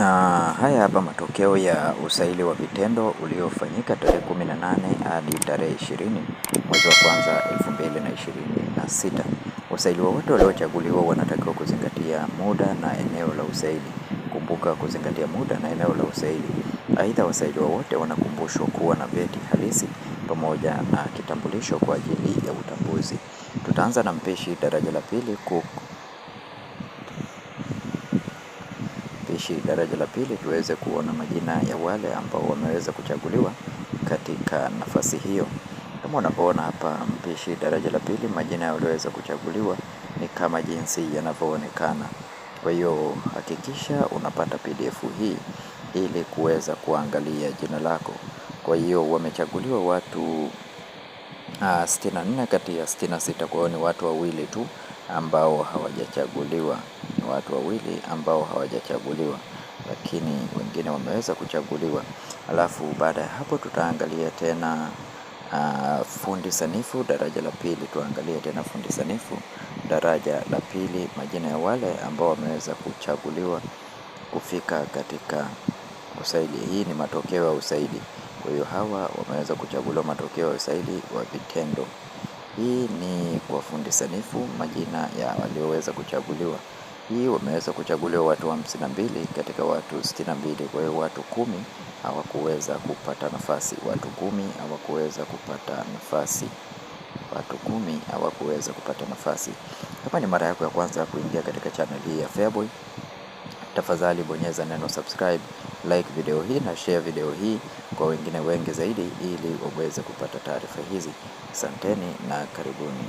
Ha, haya hapa matokeo ya usaili wa vitendo uliofanyika tarehe 18 hadi tarehe 20 mwezi wa kwanza 2026. Wasaili wowote waliochaguliwa wanatakiwa kuzingatia muda na eneo la usaili. Kumbuka kuzingatia muda na eneo la usaili. Aidha, wasaili wote wanakumbushwa kuwa na vyeti halisi pamoja na kitambulisho kwa ajili ya utambuzi. Tutaanza na mpishi daraja la pili maandishi daraja la pili, tuweze kuona majina ya wale ambao wameweza kuchaguliwa katika nafasi hiyo. Kama unavyoona hapa, mpishi daraja la pili, majina yaliyoweza kuchaguliwa ni kama jinsi yanavyoonekana. Kwa hiyo hakikisha unapata PDF hii ili kuweza kuangalia jina lako. Kwa hiyo wamechaguliwa watu 64 ah, kati ya 66. Kwa hiyo ni watu wawili tu ambao hawajachaguliwa. Ni watu wawili ambao hawajachaguliwa, lakini wengine wameweza kuchaguliwa. Alafu baada ya hapo tutaangalia tena uh, fundi sanifu daraja la pili. Tuangalie tena fundi sanifu daraja la pili, majina ya wale ambao wameweza kuchaguliwa kufika katika usaili. Hii ni matokeo ya usaili. Kwa hiyo hawa wameweza kuchaguliwa matokeo ya usaili wa vitendo. Hii ni kwa fundi sanifu majina ya walioweza kuchaguliwa. Hii wameweza kuchaguliwa watu hamsini na mbili katika watu sitini na mbili. Kwa hiyo watu kumi hawakuweza kupata nafasi, watu kumi hawakuweza kupata nafasi, watu kumi hawakuweza kupata nafasi. Kama ni mara yako ya kwanza kuingia katika channel hii ya Feaboy tafadhali bonyeza neno subscribe, like video hii na share video hii kwa wengine wengi zaidi, ili uweze kupata taarifa hizi. Asanteni na karibuni.